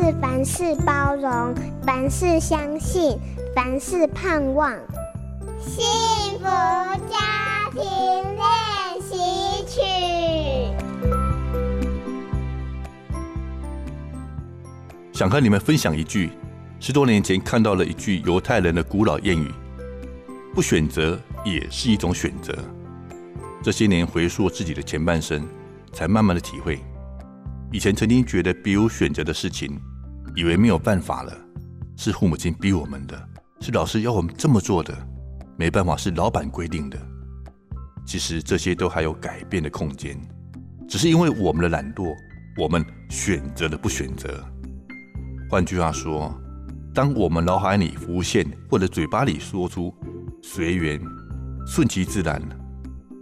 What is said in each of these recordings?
是凡事包容，凡事相信，凡事盼望。幸福家庭練習曲。想和你們分享一句，十多年前看到了一句猶太人的古老諺語：“不選擇也是一種選擇。”這些年回溯自己的前半生，才慢慢的體會。以前曾經覺得別無選擇的事情，以為沒有辦法了，是父母親逼我們的，是老師要我們這麼做的，沒辦法是老闆規定的。其實這些都還有改變的空間，只是因為我們的懶惰，我們選擇了不選擇。換句話說，當我們腦海裡浮現或者嘴巴裡說出“隨緣、順其自然”，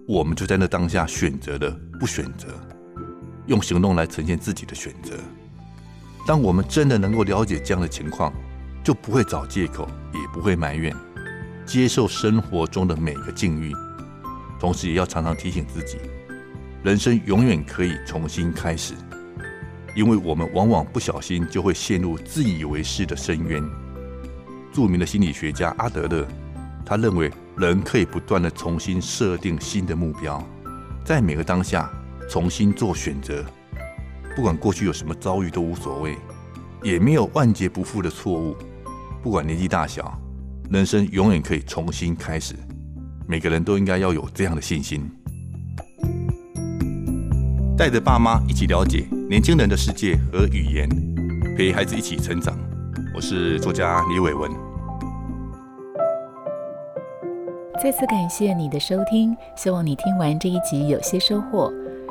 我們就在那當下選擇了不選擇。用行動來呈現自己的選擇。當我們真的能夠了解這樣的情況，就不會找借口，也不會埋怨，接受生活中的每個境遇。同時也要常常提醒自己，人生永遠可以重新開始，因為我們往往不小心就會陷入自以為是的深淵。著名的心理學家阿德勒，他認為人可以不斷地重新設定新的目標，在每個當下。重新做選擇，不管過去有什麼遭遇都無所謂，也沒有萬劫不復的錯誤。不管年紀大小，人生永遠可以重新開始。每個人都應該要有這樣的信心。帶着爸媽一起了解年輕人的世界和語言，陪孩子一起成長。我是作家李偉文。再次感謝你的收聽，希望你聽完這一集有些收穫。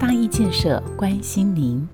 大毅建設關心您。